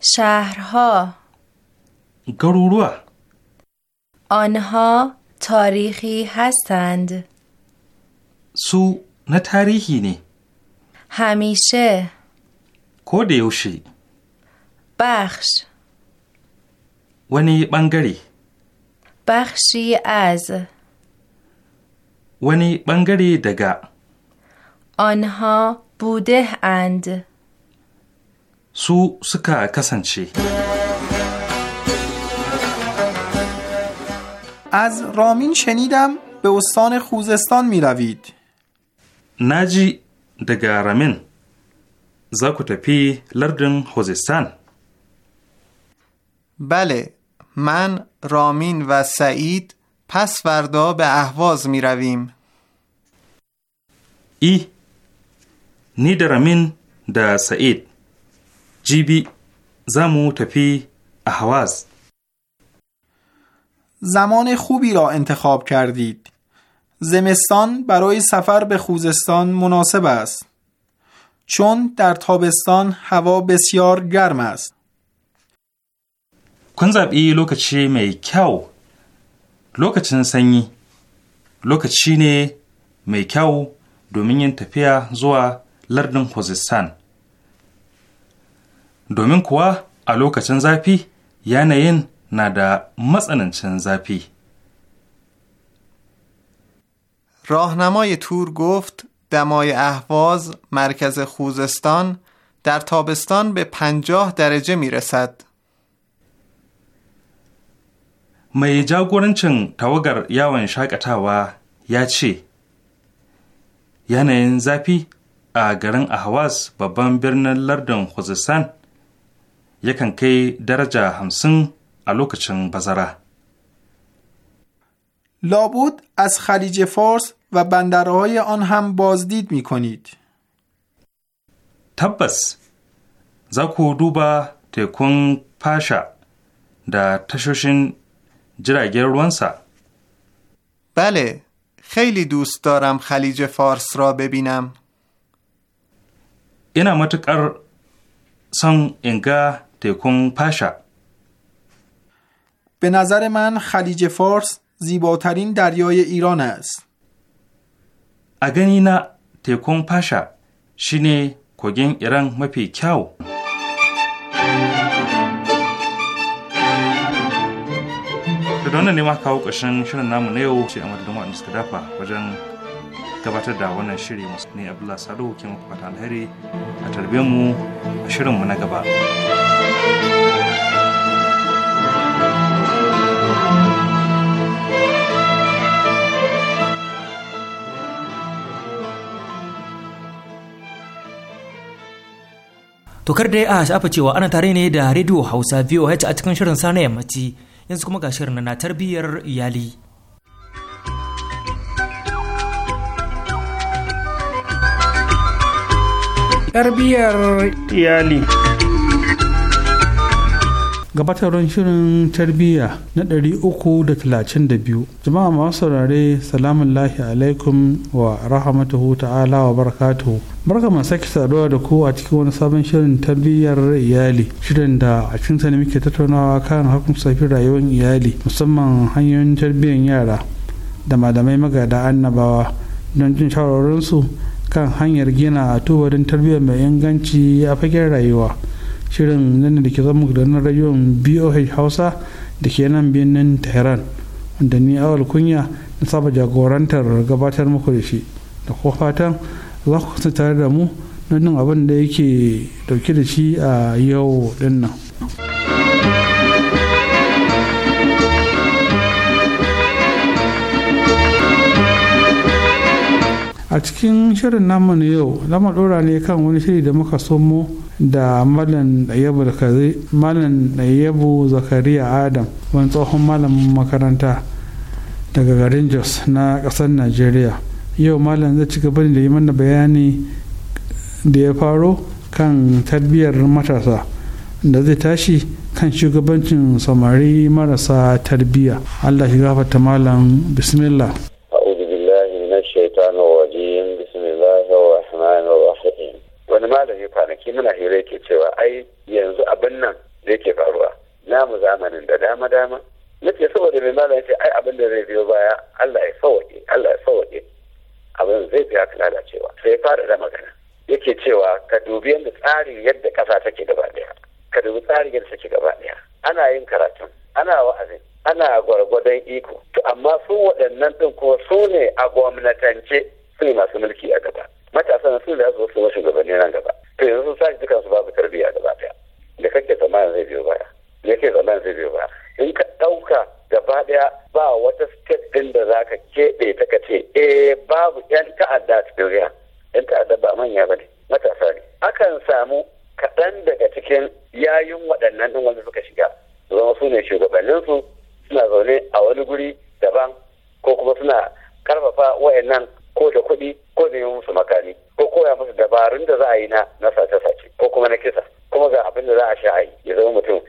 شهرها گرورو آنها تاریخی هستند سو نه تاریخی نی همیشه کودیوشی بخش ونی بنگری بخشی از ونی بنگری دگا آنها بوده اند سو سکا کسنچی از رامین شنیدم به استان خوزستان می روید نجی دگا رامین زاکو تپی لردن خوزستان بله من رامین و سعید پس فردا به اهواز می رویم ای نی درمین دا سعید جیبی زمو تپی اهواز زمان خوبی را انتخاب کردید زمستان برای سفر به خوزستان مناسب است چون در تابستان هوا بسیار گرم است. کنزب لوک می می lokacin sanyi lokaci ne mai kyau domin yin tafiya zuwa lardin Khuzestan. Domin kuwa a lokacin zafi yanayin na da matsanancin zafi. راهنمای تور گفت دمای اهواز مرکز خوزستان در تابستان به پنجاه درجه می رسد. mai jagorancin tawagar yawon shakatawa ya ce yanayin zafi a garin ahawas babban birnin lardin khuzistan yakan kai daraja hamsin a lokacin bazara لابد از خلیج فارس و بندرهای آن هم بازدید می کنید. تبس زکو دوبا تکون پاشا در تشوشن روانسا بله خیلی دوست دارم خلیج فارس را ببینم اینا متقر سن انگا تکون پاشا به نظر من خلیج فارس زیباترین دریای ایران است اگنی نه تکون پاشا شینه کوگین ایران مپی کیاو da wannan ne ma kawo ƙarshen shirin namu na yau ce a madadin waɗanda suka dafa wajen gabatar da wannan shiri masu ne abdullahi salihu ke muku fata alheri a tarbe mu a shirinmu na gaba. To kar da a shafa cewa ana tare ne da Radio Hausa VOH a cikin shirin sa na yammaci yanzu kuma ga shirin na tarbiyyar iyali tarbiyyar iyali gabatarwar shirin tarbiyya na 332 jama'a masu saurare salamun lahi alaikum wa rahmatuhu ta'ala wa barakatuhu barka masu sake saduwa da ku a cikin wani sabon shirin tarbiyyar iyali shirin da a cikin sani muke tattaunawa kan hakun safi rayuwar iyali musamman hanyoyin tarbiyyar yara da malamai magada annabawa don jin su kan hanyar gina a tubarin tarbiyyar mai inganci a fagen rayuwa shirin nan da ke zama da na rayon boh hausa da ke nan birnin tehran wanda ni awal kunya na saba jagorantar gabatar muku da shi da kuma fatan za ku kusa tare da mu na abin da yake dauke da shi a yau din nan a cikin shirin namu na yau lamar dora ne kan wani shiri da muka somo da malam yabu zakariya adam wani tsohon malam makaranta daga garin jos na kasar nigeria yau malam zai ci gaba da yi mana bayani da ya faro kan tarbiyyar matasa da zai tashi kan shugabancin samari marasa tarbiyya allah shi gafarta malam bismillah zamanin da dama dama nake saboda mai malam ce ai abin da zai biyo baya Allah ya sauke Allah ya sauke abin zai biya ka lalacewa sai ya fara da magana yake cewa ka dubi yadda tsarin yadda ƙasa take gaba daya ka dubi tsarin yadda take gaba daya ana yin karatun ana wa'azi ana gwargwadon iko to amma su waɗannan din ko su ne a gwamnatance su ne masu mulki a gaba matasan su da su wasu shugabanni nan gaba to yanzu sun sa dukansu babu tarbiyya gaba daya da kake zama zai biyo baya yake zama zai biyo ba in ka ɗauka gaba ɗaya ba wata state ɗin da za ka keɓe ta ka ce eh babu 'yan ta'adda cikin 'yan ta'adda ba manya ba ne matasa ne akan samu kaɗan daga cikin yayin waɗannan ɗin wanda suka shiga zama su ne shugabanninsu suna zaune a wani guri daban ko kuma suna karfafa wayannan ko da kuɗi ko da yin musu makami ko koya musu dabarun da za a yi na sace-sace ko kuma na kisa kuma ga abin da za a sha yi ya zama mutum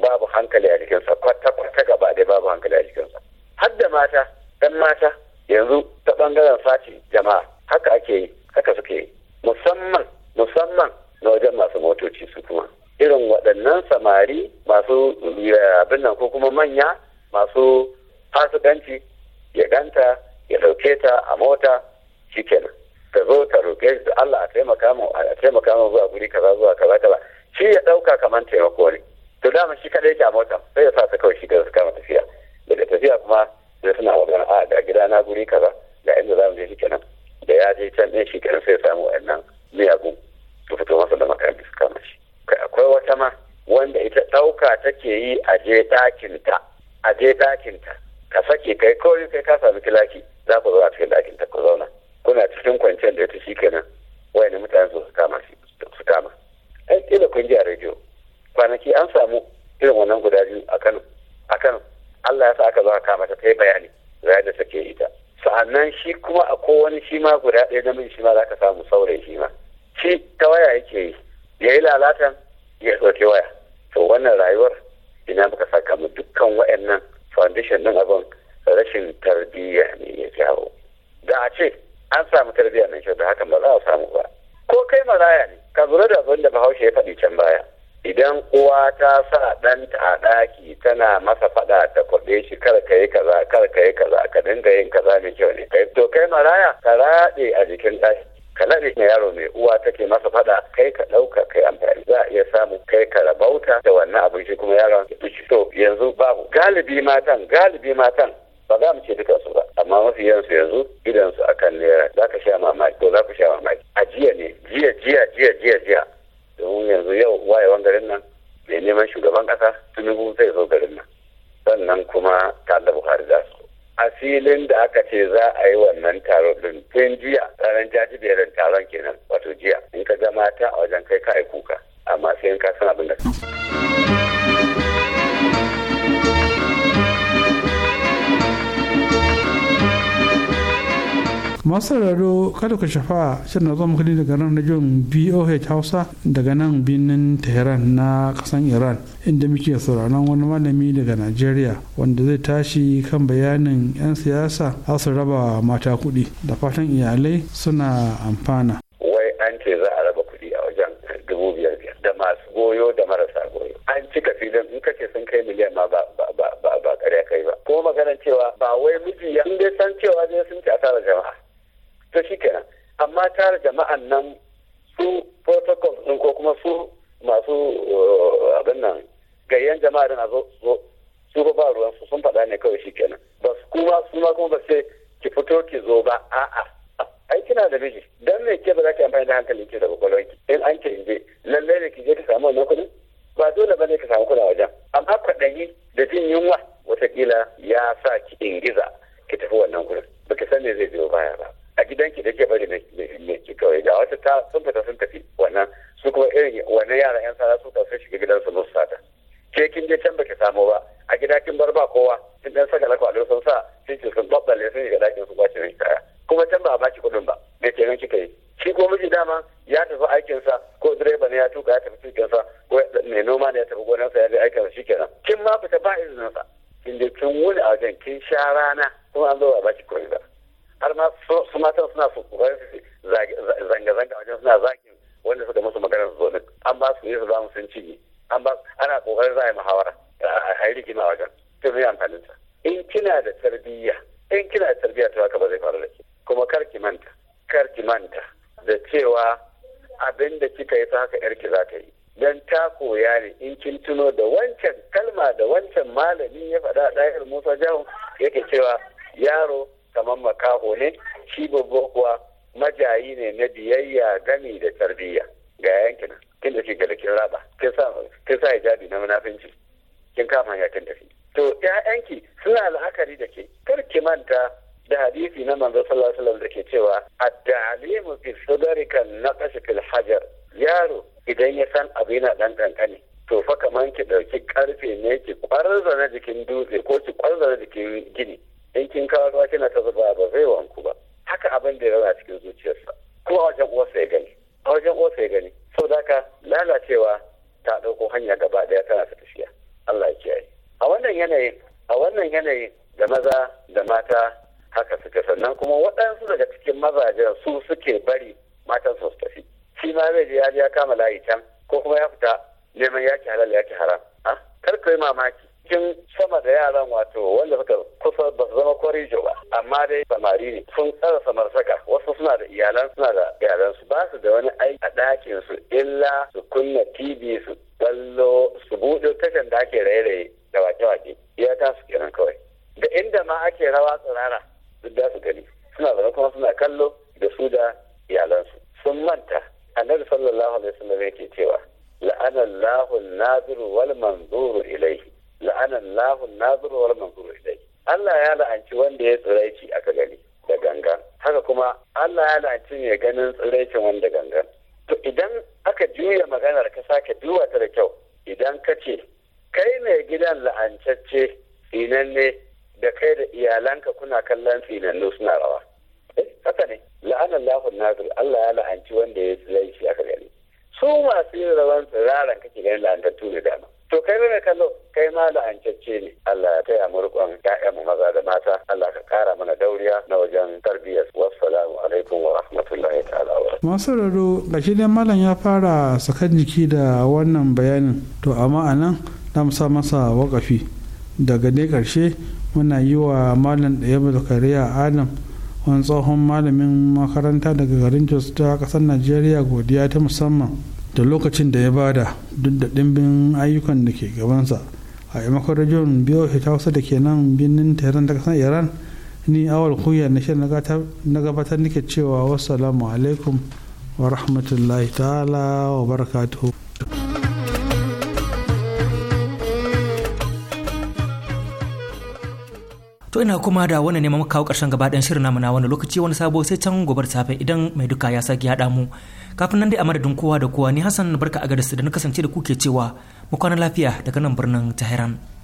babu hankali a jikinsa kwata-kwata gaba da babu hankali a jikinsa har da mata ɗan mata yanzu ta ɓangaren sati jama'a haka ake yi haka suke yi musamman musamman na wajen masu motoci su kuma irin waɗannan samari masu abin nan ko kuma manya masu fasikanci ya ganta ya ɗauke ta a mota kenan ta zo ta roƙe shi da Allah a taimaka mu a taimaka mu zuwa guri kaza zuwa kaza kaza shi ya ɗauka kamar taimako ne to dama shi kadai yake a mota sai ya sa ta kawai shi da suka kama tafiya daga tafiya kuma sai suna magana a da gida na guri kaza ga inda za mu je shikenan da ya je can ɗin kenan sai ya samu wa'annan miyagu su fito masa da su kama shi akwai wata ma wanda ita ɗauka take yi a je ɗakinta a je ɗakinta ka sake kai kawai kai ka sami kilaki za ku zo a cikin ɗakinta ku zauna kuna cikin kwanciyar da ita kenan wani mutane su kama shi su kama ai kila kun ji a rediyo kwanaki an samu irin wannan guda biyu a kano a kano allah ya sa aka zo a kama ta yi bayani za da take ita sa'annan shi kuma a kowane shi ma guda ɗaya namiji shi ma za ka samu saurayi shi ma shi ta waya yake yi ya yi lalatan ya ɗauke waya to wannan rayuwar ina muka saka mu dukkan wa'annan foundation ɗin abin rashin tarbiyya ne ya jawo da a ce an samu tarbiyya nan shi da hakan ba za a samu ba ko kai maraya ne ka lura da abin da bahaushe ya faɗi can baya idan uwa ta sa ɗanta a ɗaki tana masa faɗa ta kwaɗe shi kar ka yi kaza kar ka yi kaza ka dinga yin kaza mai kyau ne kai to kai maraya ka raɗe a jikin ɗaki ka laɗe na yaro mai uwa take masa faɗa kai ka ɗauka kai amfani za a iya samu kai ka rabauta da wannan abin shi kuma yaron to yanzu babu galibi matan galibi matan ba za mu ce duka su ba amma mafi yansu yanzu gidansu akan naira za ka sha mamaki to za ku sha mamaki a jiya ne jiya jiya jiya jiya jiya domin yanzu yau wayewan garin nan mai neman shugaban kasa tunubu zai zo garin nan sannan kuma talla buhari za su a da aka ce za a yi wannan taron din tun jiya ranar jajiberin taron kenan wato jiya in ka ga mata a wajen kai ka kuka amma sai in ka san abin da masu sauraro kada ku shafa shirin na zuwa muku daga nan rajin boh hausa daga nan birnin tehran na kasan iran inda muke sauraron wani malami daga najeriya wanda zai tashi kan bayanin 'yan siyasa har su raba mata kuɗi da fatan iyalai suna amfana wai an ce za a raba kuɗi a wajen dubu biyar da masu goyo da marasa goyo an cika filin in kace sun kai miliyan ma ba ba ba ba kai ba ko maganar cewa ba wai miji ya san cewa zai sun ci asarar jama'a ta shi kenan amma tare jama'an nan su protocol din ko kuma su masu eh, abin nan gayyan jama'a da na zo su ba ba ruwan su sun faɗa ne kawai shi kenan ba su kuma su ma kuma ba ce ki fito ki zo ba a'a ai kina da miji dan me ke ba za ki amfani da hankalin ki da kwakwalwar ki in an ki je lallai ne ki je ki samu wannan kuɗin ba dole ba ne ki samu a wajen amma kwaɗayi da jin yunwa watakila ya sa ki ingiza ki tafi wannan gurin ba ki san me zai biyo baya ba gidanki da ke bari ne ki kawai da wata ta sun fita sun tafi wannan su kuma irin wannan yara yan sara su ka sun shiga su musu sata ke kin je can baki samu ba a gida kin bar ba kowa kin dan saka a sun sa sun ce sun babbale sun shiga dakin su kwace mai kaya kuma can ba a baki kuɗin ba me ke nan kika yi shi ko miji dama ya tafi aikinsa ko direba ne ya tuka ya tafi cikinsa ko mai noma ne ya tafi gonarsa ya je aikinsa kenan kin ma fita ba izininsa kin je kin wuni a wajen kin sha rana kuma an zo a baki har ma su matan suna su zanga-zanga wajen suna zagin wanda suka musu maganar su zonin an ba su yasa zamu sun cinye an ba ana kokarin za a yi muhawara a yi rigima wajen ta zai amfanin sa in kina da tarbiyya in kina da tarbiyya to haka ba zai faru da ke kuma kar ki manta kar ki manta da cewa abin da kika yi ta haka yarki za ta yi don ta koya ne in kin tuno da wancan kalma da wancan malami ya faɗa ɗayar musa Jawo yake cewa yaro kamar makaho ne shi babba kuwa majayi ne na biyayya gami da tarbiyya ga yankin kin da shi ga kin raba kin sa hijabi na munafinci kin kama ya kin tafi to ƴaƴanki suna la'akari da ke kar ki manta da hadisi na manzo sallallahu alaihi wasallam da ke cewa a dalilin fi sudari kan naqash fil hajar yaro idan ya san abu yana dan kankani riƙon ƴaƴanmu maza da mata Allah ka ƙara mana dauriya na wajen tarbiyyar wassalamu alaikum wa rahmatullahi ta'ala wa masu raro gashi dai malam ya fara sakan jiki da wannan bayanin to amma a nan na sa masa wakafi daga ne karshe muna yi wa malam ɗaya zakariya adam wani tsohon malamin makaranta daga garin jos ta ƙasar najeriya godiya ta musamman da lokacin da ya bada duk da ɗimbin ayyukan da ke gabansa a yamakon rajon biyo ta hausa da ke nan birnin tehran da kasar iran ni awal kuya na shi na gabatar nake cewa wasu alaikum wa rahmatullahi ta'ala wa barakatuhu to ina kuma da wani neman kawo karshen gaba shirin namu wani lokaci wani sabo sai can gobar safe idan mai duka ya sake ya mu kafin nan dai a madadin kowa da kowa ni Hassan barka a garis da na kasance da kuke cewa mu kwana lafiya daga nan birnin Tehran